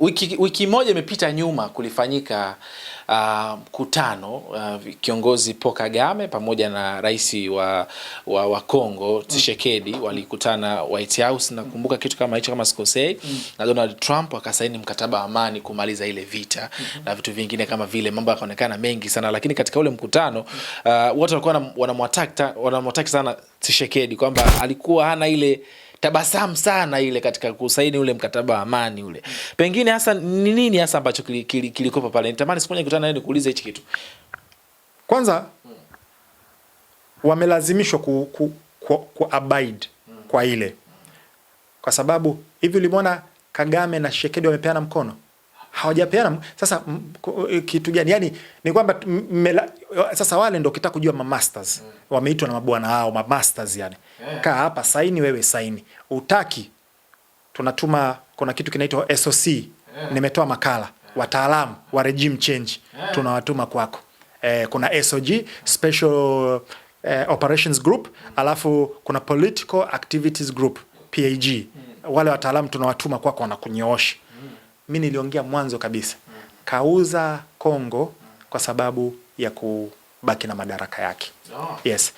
Wiki, wiki moja imepita nyuma kulifanyika ah, mkutano uh, ah, uh, kiongozi Paul Kagame pamoja na rais wa, wa, wa Kongo Tshisekedi mm. walikutana White House, nakumbuka kitu kama hicho kama sikosei, mm. na Donald Trump akasaini mkataba wa amani kumaliza ile vita mm -hmm. na vitu vingine kama vile, mambo yakaonekana mengi sana, lakini katika ule mkutano uh, ah, watu walikuwa wanamwataki sana Tshisekedi kwamba alikuwa hana ile tabasamu sana ile katika kusaini ule mkataba wa amani ule. Pengine hasa ni nini hasa ambacho kilikopa pale? Nitamani siku moja nikutana naye nikuulize hichi kitu. Kwanza wamelazimishwa ku, ku, ku, ku abide kwa ile, kwa sababu hivi ulimwona Kagame na shekedi wamepeana mkono hawajapeana. Sasa eh, kitu gani? Yani ni kwamba sasa wale ndo kitaka kujua mamasters mm. wameitwa na mabwana hao mamasters yani yeah. kaa hapa saini, wewe saini, utaki tunatuma. Kuna kitu kinaitwa SOC yeah. nimetoa makala yeah. wataalamu wa regime change yeah. tunawatuma kwako. Eh, kuna SOG special eh, operations group mm. alafu kuna political activities group PAG mm. wale wataalamu tunawatuma kwako, wanakunyoosha mi niliongea mwanzo kabisa, kauza Kongo kwa sababu ya kubaki na madaraka yake. Oh. Yes,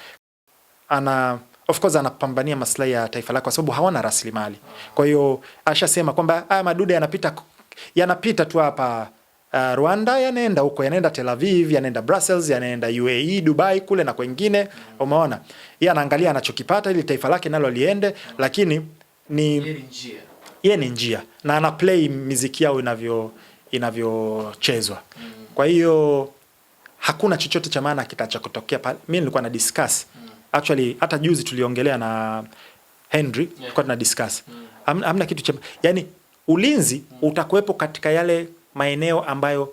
ana of course anapambania maslahi ya taifa lake kwa sababu hawana rasilimali. Oh. Kwa hiyo ashasema kwamba haya ah, madude yanapita yanapita tu hapa uh, Rwanda yanaenda huko, yanaenda Tel Aviv, yanaenda Brussels, yanaenda UAE, Dubai kule na kwengine. Mm. Umeona, yeye anaangalia anachokipata ili taifa lake nalo liende, mm. lakini ni ye ni njia na ana play miziki yao inavyo inavyochezwa. Kwa hiyo hakuna chochote cha maana kutokea pale. Mimi nilikuwa na discuss actually, hata juzi tuliongelea na Henry tulikuwa tuna discuss, mm. hamna kitu cha yani, ulinzi mm. utakuwepo katika yale maeneo ambayo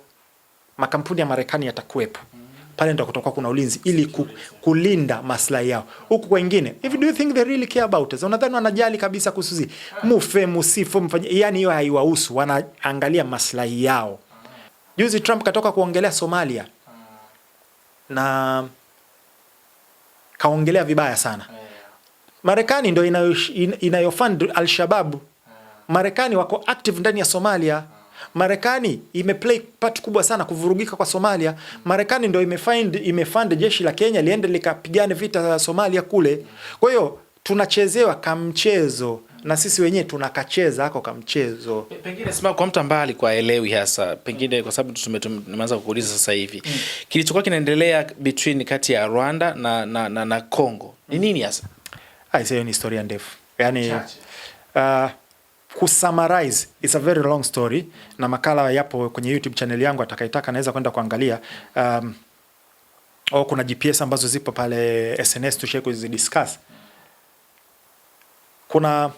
makampuni ya Marekani yatakuwepo. Mm pale ndio kutakuwa kuna ulinzi ili ku, kulinda maslahi yao. Huku kwengine, if do you think they really care about us, unadhani wanajali kabisa kuhusu sisi? Mufe musifu mfanye, yani hiyo haiwahusu, wanaangalia maslahi yao. Juzi Trump katoka kuongelea Somalia na kaongelea vibaya sana. Marekani ndio inayofund Al-Shabab. Marekani wako active ndani ya Somalia. Marekani imeplay part kubwa sana kuvurugika kwa Somalia. Marekani ndio imefind imefund jeshi la Kenya liende likapigane vita za Somalia kule. Kwa hiyo tunachezewa kamchezo na sisi wenyewe tunakacheza ako kamchezo. Pengine sima kwa mtu ambaye alikuwa elewi hasa, pengine kwa sababu tumeanza kukuuliza sasa hivi hmm. kilichokuwa kinaendelea between kati ya Rwanda na na, na, na Congo ni nini hasa? Ah, hiyo ni historia ndefu yaani Kusummarize, it's a very long story na makala yapo kwenye YouTube channel yangu, atakayetaka anaweza kwenda kuangalia. Um, au oh, kuna GPS ambazo zipo pale SNS tushai kuzidiscuss. Kuna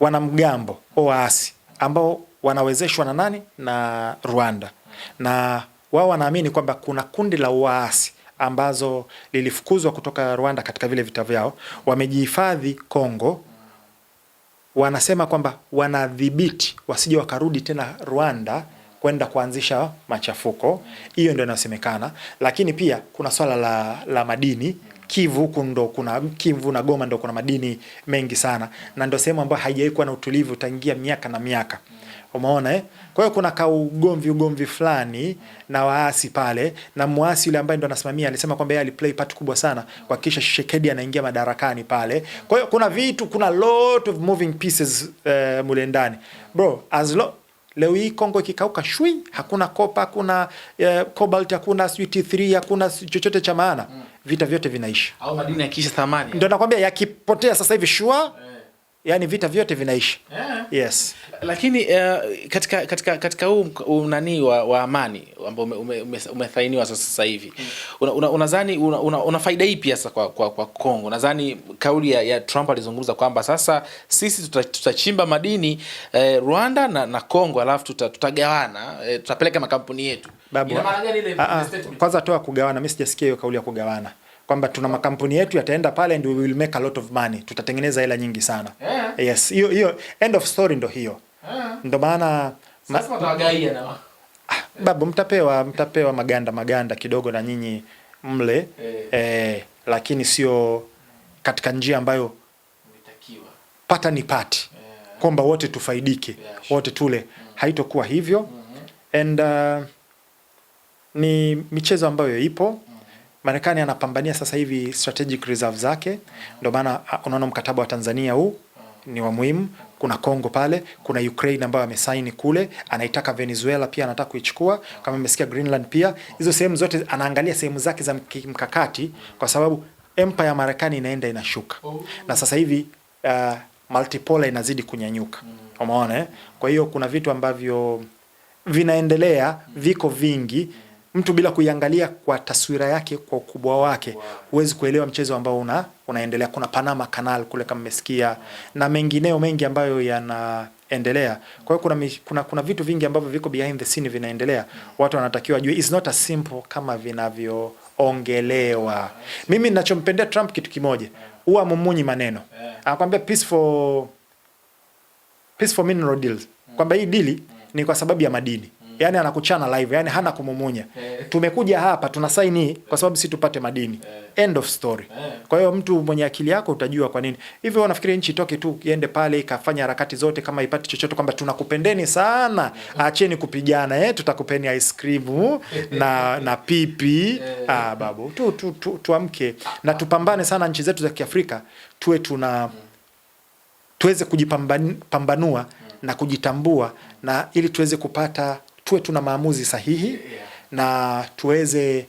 wanamgambo o waasi ambao wanawezeshwa na nani? Na Rwanda, na wao wanaamini kwamba kuna kundi la waasi ambazo lilifukuzwa kutoka Rwanda katika vile vita vyao, wamejihifadhi Kongo wanasema kwamba wanadhibiti wasije wakarudi tena Rwanda kwenda kuanzisha machafuko. Hiyo ndio inayosemekana, lakini pia kuna swala la, la madini Kivu huku ndo kuna Kivu na Goma ndo kuna madini mengi sana, na ndio sehemu ambayo haijawahi kuwa na utulivu tangia miaka na miaka. Umeona eh? Kwa hiyo kuna kaugomvi ugomvi fulani na waasi pale, na muasi yule ambaye ndo anasimamia alisema kwamba yeye aliplay part kubwa sana kuhakikisha Tshisekedi anaingia madarakani pale. Kwa hiyo kuna vitu, kuna lot of moving pieces uh, mule ndani bro, as lo leo hii Kongo ikikauka shui, hakuna kopa, hakuna uh, cobalt, hakuna sweet 3 hakuna chochote cha maana, mm. vita vyote vinaisha, au madini yakisha thamani, eh? ndio nakwambia yakipotea sasa hivi shua eh yani vita vyote vinaisha yeah. Yes, lakini uh, katika katika katika huu unanii wa, wa amani ambao umethainiwa sasa sasa hivi hmm. unadhani una, una, una, una faida ipi hasa kwa, kwa, kwa Kongo? Nadhani kauli ya, ya Trump alizungumza kwamba sasa sisi tutachimba tuta madini eh, Rwanda na, na Kongo alafu tutagawana eh, tutapeleka makampuni yetu. Babu, ina maana gani ile ah, ah. Kwanza toa kugawana, mimi sijasikia hiyo kauli ya kugawana kwamba tuna makampuni yetu yataenda pale and we will make a lot of money, tutatengeneza hela nyingi sana yeah. Yes, hiyo hiyo end of story ndo hiyo yeah. Ndo maana ma ah, babu mtapewa mtapewa maganda maganda kidogo na nyinyi mle yeah. Eh, lakini sio katika njia ambayo Mitakiwa. pata ni pati yeah. Kwamba wote tufaidike yeah, Wote tule mm. Haitokuwa hivyo mm -hmm. And uh, ni michezo ambayo ipo mm. Marekani anapambania sasa hivi strategic reserve zake, ndio maana ah, unaona mkataba wa Tanzania huu ni wa muhimu. Kuna Kongo pale, kuna Ukraine ambayo amesaini kule, anaitaka Venezuela pia anataka kuichukua, kama mmesikia Greenland pia. Hizo sehemu zote anaangalia sehemu zake za mkakati, kwa sababu empire ya Marekani inaenda inashuka, na sasa hivi uh, multipolar inazidi kunyanyuka, umeona eh? Kwa hiyo kuna vitu ambavyo vinaendelea, viko vingi mtu bila kuiangalia kwa taswira yake kwa ukubwa wake huwezi wow. kuelewa mchezo ambao una, unaendelea. Kuna Panama Canal kule kama mmesikia wow. na mengineo mengi ambayo yanaendelea. Kwa hiyo kuna, kuna, kuna vitu vingi ambavyo viko behind the scene vinaendelea mm. watu wanatakiwa jue, it's not as simple kama vinavyoongelewa wow. Mimi ninachompendea Trump kitu kimoja huwa yeah. mumunyi maneno yeah. anakwambia peaceful, peaceful mineral deals mm. kwamba hii dili mm. ni kwa sababu ya madini yani anakuchana live, yani hana kumumunya. Eh. Tumekuja hapa tuna sign hii kwa sababu si tupate madini. Eh. End of story. Eh. Kwa hiyo mtu mwenye akili yako utajua kwa nini hivyo. Nafikiri nchi itoke tu iende pale ikafanya harakati zote, kama ipate chochote kwamba tunakupendeni sana, acheni kupigana eh, tutakupeni ice cream na na pipi. Ah, babu tu tu, tu, tuamke na tupambane sana, nchi zetu za Kiafrika tuwe tuna tuweze kujipambanua hmm. na kujitambua na ili tuweze kupata tuwe tuna maamuzi sahihi na tuweze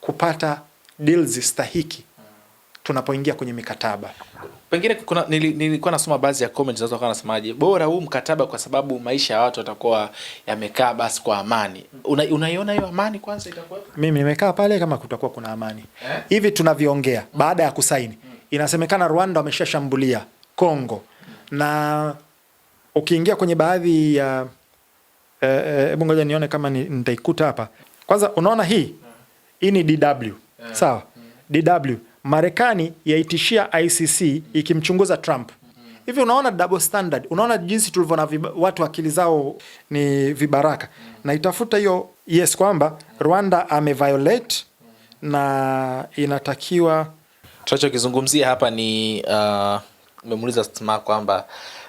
kupata deals stahiki tunapoingia kwenye mikataba. Pengine kuna nilikuwa nasoma baadhi ya comments zinazokuwa kwa nasemaje, bora huu mkataba kwa sababu maisha ya watu watakuwa yamekaa basi kwa amani. Unaiona hiyo amani kwanza itakuwa? Mimi nimekaa pale kama kutakuwa kuna amani eh? Hivi tunavyoongea mm. baada ya kusaini mm. inasemekana Rwanda wameshashambulia Kongo mm. na ukiingia kwenye baadhi ya uh, Eh, eh, hebu ngoja nione kama nitaikuta hapa. Kwanza unaona hii hii ni DW eh. sawa, DW Marekani yaitishia ICC ikimchunguza Trump. Hivi unaona double standard, unaona jinsi tulivyo na watu akili zao ni vibaraka. Na itafuta hiyo yes kwamba Rwanda ameviolate na inatakiwa tunachokizungumzia hapa ni uh, memuliza Sma kwamba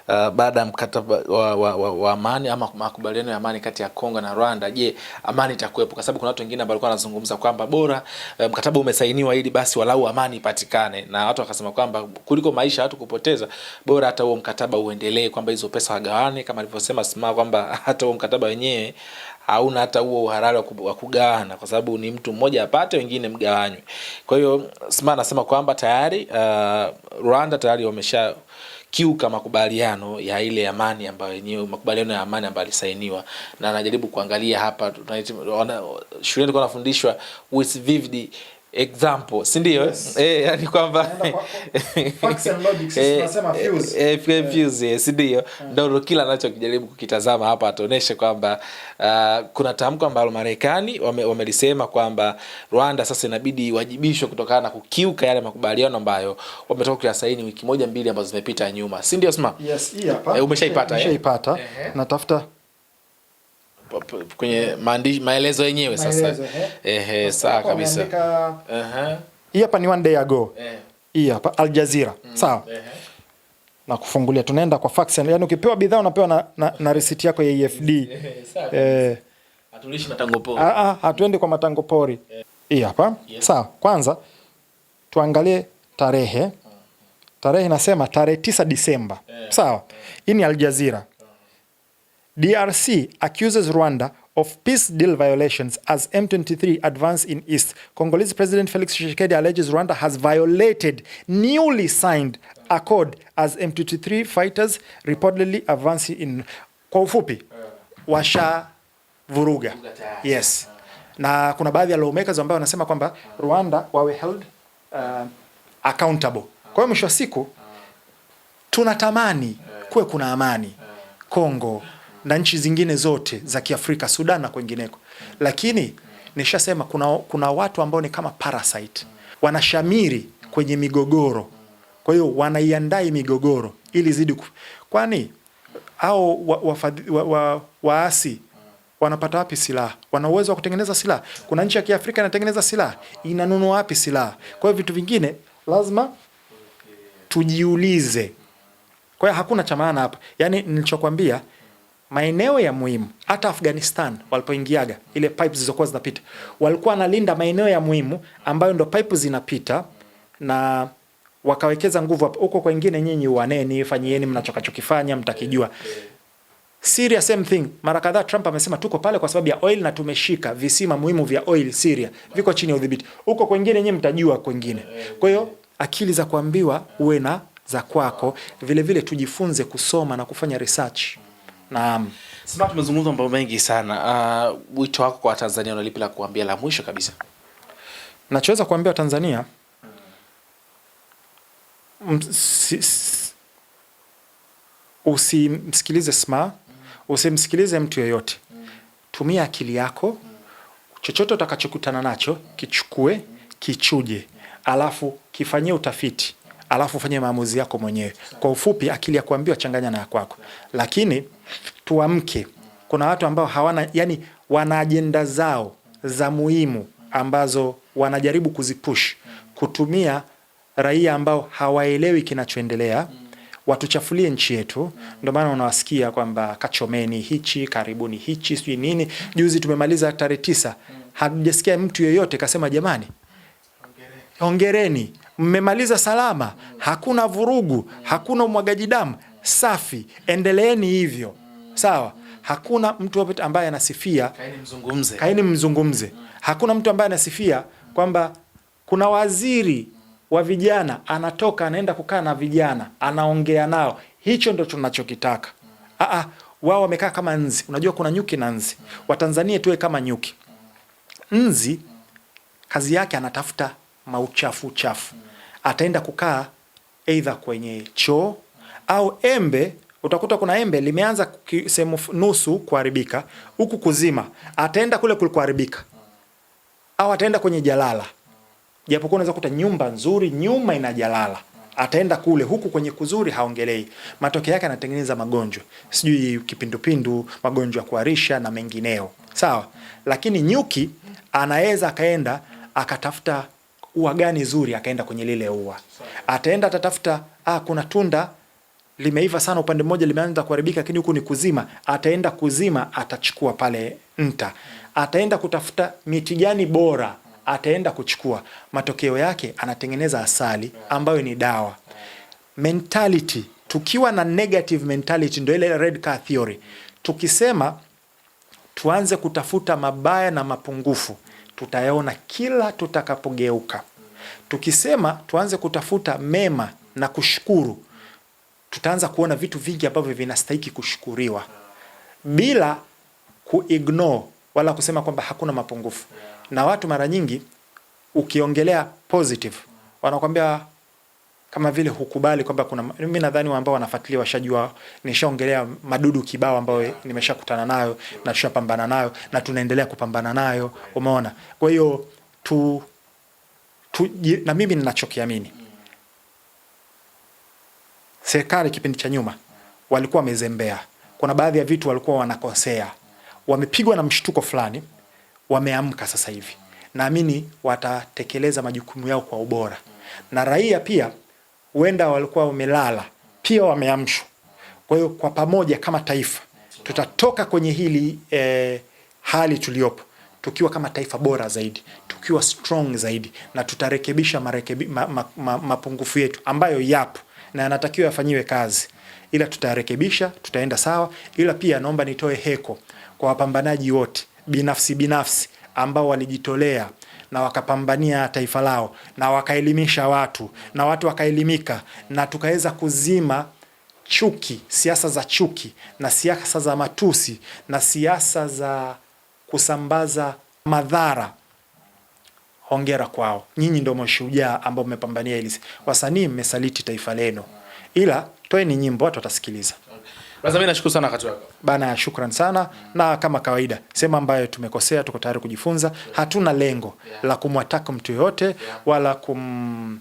uh, baada ya mkataba wa, wa, wa, wa amani ama makubaliano ya amani kati ya Kongo na Rwanda, je, amani itakuwepo? Kwa sababu kuna watu wengine ambao walikuwa wanazungumza kwamba bora uh, mkataba umesainiwa ili basi walau amani ipatikane, na watu wakasema kwamba kuliko maisha watu kupoteza, bora hata huo mkataba uendelee, kwamba hizo pesa wagawane, kama alivyosema Sima kwamba hata huo mkataba wenyewe hauna hata huo uhalali wa kugawana, kwa sababu ni mtu mmoja apate, wengine mgawanywe. Kwa hiyo Sima anasema kwamba tayari uh, Rwanda tayari wamesha kiuka makubaliano ya ile amani ambayo yenyewe makubaliano ya amani ambayo alisainiwa, na anajaribu kuangalia hapa shuleni, tulikuwa nafundishwa with vivid example si ndio? Yes. E, yani kwamba fuse eh, eh, si ndio? Ndo kila anachokijaribu kukitazama hapa, atuonyeshe kwamba uh, kuna tamko ambalo Marekani wamelisema wame kwamba Rwanda sasa inabidi iwajibishwe kutokana na kukiuka yale makubaliano ambayo wametoka kuyasaini wiki moja mbili ambazo zimepita nyuma, si ndio? Sima, yes, e, umeshaipata, umeshaipata. E, natafuta kwenye maandishi maelezo yenyewe sasa. Eh? Ehe, sawa kabisa. Hii hapa ni one day ago. Ehe. Hii hapa Al Jazeera. Mm, sawa. Ehe. Na kufungulia tunaenda kwa fax, yani ukipewa bidhaa unapewa na, na, na receipt yako ya EFD. Eh. Hatulishi matango pori. Ah ah, hatuendi kwa matango pori. Eh. Hii hapa. Sawa. Kwanza tuangalie tarehe. Mm. Tarehe inasema tarehe 9 Disemba. Eh. Sawa. Hii ni Al Jazeera. DRC accuses Rwanda of peace deal violations as M23 advance in east. Congolese President Felix Tshisekedi alleges Rwanda has violated newly signed accord as M23 fighters reportedly advance in. Kwa ufupi washavuruga, yes. Na kuna baadhi ya lawmakers ambao wanasema kwamba Rwanda wawe held uh, accountable. Kwa hiyo mwisho wa siku tunatamani kuwe kuna amani Kongo na nchi zingine zote za Kiafrika, Sudan na kwingineko, lakini nishasema kuna, kuna watu ambao ni kama parasite wanashamiri kwenye migogoro, kwa hiyo wanaiandai migogoro ili zidi ku... kwani au waasi wa, wa, wa, wa wanapata wapi silaha? Wana uwezo wa kutengeneza silaha? Kuna nchi ya Kiafrika inatengeneza silaha, inanunua wapi silaha? Kwa hiyo vitu vingine lazima tujiulize. Kwa hiyo hakuna cha maana hapa, yaani nilichokwambia maeneo ya muhimu. Hata Afghanistan walipoingiaga ile pipe zilizokuwa zinapita, walikuwa wanalinda maeneo ya muhimu ambayo ndo pipe zinapita na wakawekeza nguvu hapo. Huko kwengine nyinyi uaneni, fanyieni mnachokachokifanya mtakijua. Syria same thing. Mara kadhaa Trump amesema tuko pale kwa sababu ya oil na tumeshika visima muhimu vya oil Syria, viko chini ya udhibiti. Huko kwengine nyinyi mtajua kwengine. Kwa hiyo akili za kuambiwa uwe na za kwako, vile vile tujifunze kusoma na kufanya research. Naam. mambo mengi sana. Uh, wito wako kwa Watanzania unalipi la kuambia la mwisho kabisa? Nachoweza kuambia Watanzania usimsikilize Sma, usimsikilize mtu yoyote Tumia akili yako, chochote utakachokutana nacho kichukue, kichuje, alafu kifanyie utafiti alafu ufanye maamuzi yako mwenyewe. Kwa ufupi, akili ya kuambiwa changanya na kwako. Lakini tuamke, kuna watu ambao hawana yani, wana ajenda zao za muhimu ambazo wanajaribu kuzipush kutumia raia ambao hawaelewi kinachoendelea watuchafulie nchi yetu. Ndio maana unawasikia kwamba kachomeni hichi, karibuni hichi, sijui nini. Juzi tumemaliza tarehe tisa, hatujasikia mtu yeyote kasema jamani, hongereni mmemaliza salama, hakuna vurugu, hakuna umwagaji damu. Safi, endeleeni hivyo, sawa. Hakuna mtu yoyote ambaye anasifia, Kaini mzungumze, mzungumze. Hakuna mtu ambaye anasifia kwamba kuna waziri wa vijana anatoka anaenda kukaa na vijana anaongea nao. Hicho ndo tunachokitaka. Aa, wao wamekaa kama nzi. Unajua kuna nyuki na nzi. Watanzania tuwe kama nyuki. Nzi kazi yake anatafuta mauchafu chafu, ataenda kukaa aidha kwenye choo au embe. Utakuta kuna embe limeanza sehemu nusu kuharibika, huku kuzima, ataenda kule kulikuharibika, au ataenda kwenye jalala. Japokuwa unaweza kuta nyumba nzuri, nyuma ina jalala ataenda kule huku kwenye kuzuri haongelei. Matokeo yake anatengeneza magonjwa, sijui kipindupindu, magonjwa ya kuharisha na mengineo, sawa. Lakini nyuki anaweza akaenda akatafuta ua gani zuri, akaenda kwenye lile ua. Ataenda atatafuta, ah, kuna tunda limeiva sana upande mmoja limeanza kuharibika, lakini huku ni kuzima. Ataenda kuzima, atachukua pale nta. Ataenda kutafuta miti gani bora, ataenda kuchukua. Matokeo yake anatengeneza asali ambayo ni dawa. Mentality, tukiwa na negative mentality, ndio ile red car theory. Tukisema tuanze kutafuta mabaya na mapungufu tutayaona kila tutakapogeuka. Tukisema tuanze kutafuta mema na kushukuru, tutaanza kuona vitu vingi ambavyo vinastahiki kushukuriwa bila kuignore wala kusema kwamba hakuna mapungufu. Na watu mara nyingi ukiongelea positive wanakwambia kama vile hukubali kwamba kuna mimi nadhani ambao wanafuatilia washajua, nishaongelea madudu kibao ambayo nimeshakutana nayo na tushapambana nayo na tunaendelea kupambana nayo, umeona. Kwa hiyo tu, tu na mimi ninachokiamini, serikali kipindi cha nyuma walikuwa wamezembea, kuna baadhi ya vitu walikuwa wanakosea, wamepigwa na mshtuko fulani, wameamka sasa hivi, naamini watatekeleza majukumu yao kwa ubora na raia pia huenda walikuwa wamelala pia wameamshwa. Kwa hiyo kwa pamoja kama taifa tutatoka kwenye hili eh, hali tuliyopo tukiwa kama taifa bora zaidi, tukiwa strong zaidi, na tutarekebisha marekebi, ma, ma, ma, mapungufu yetu ambayo yapo na yanatakiwa yafanyiwe kazi, ila tutarekebisha, tutaenda sawa. Ila pia naomba nitoe heko kwa wapambanaji wote binafsi binafsi ambao walijitolea na wakapambania taifa lao na wakaelimisha watu na watu wakaelimika, na tukaweza kuzima chuki, siasa za chuki na siasa za matusi na siasa za kusambaza madhara. Hongera kwao, nyinyi ndio mashujaa ambao mmepambania hili. Wasanii mmesaliti taifa lenu, ila toeni nyimbo, watu watasikiliza. Bwana, mimi nashukuru sana wakati wako. Bana, shukran sana mm. na kama kawaida, sema ambayo tumekosea, tuko tayari kujifunza. yeah. Hatuna lengo yeah. la kumwataka mtu yoyote yeah. wala kum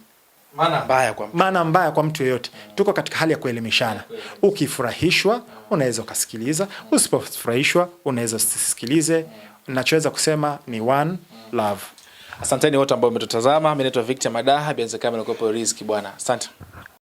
maana mbaya kwa mtu, maana mbaya kwa mtu mm. Tuko katika hali ya kuelimishana. yeah. Ukifurahishwa yeah. unaweza ukasikiliza, usipofurahishwa unaweza usisikilize. Nachoweza kusema ni one mm. love. Asanteni wote ambao mmetutazama. Mimi naitwa Victor Madaha, Bianze Kamera, kwa Riziki bwana. Asante.